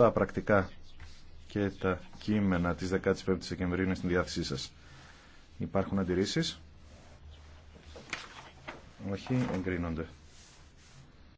τα πρακτικά και τα κείμενα της 15 ης Σεκέμβριου είναι στην διάθεσή σας. Υπάρχουν αντιρρήσεις. Όχι, εγκρίνονται.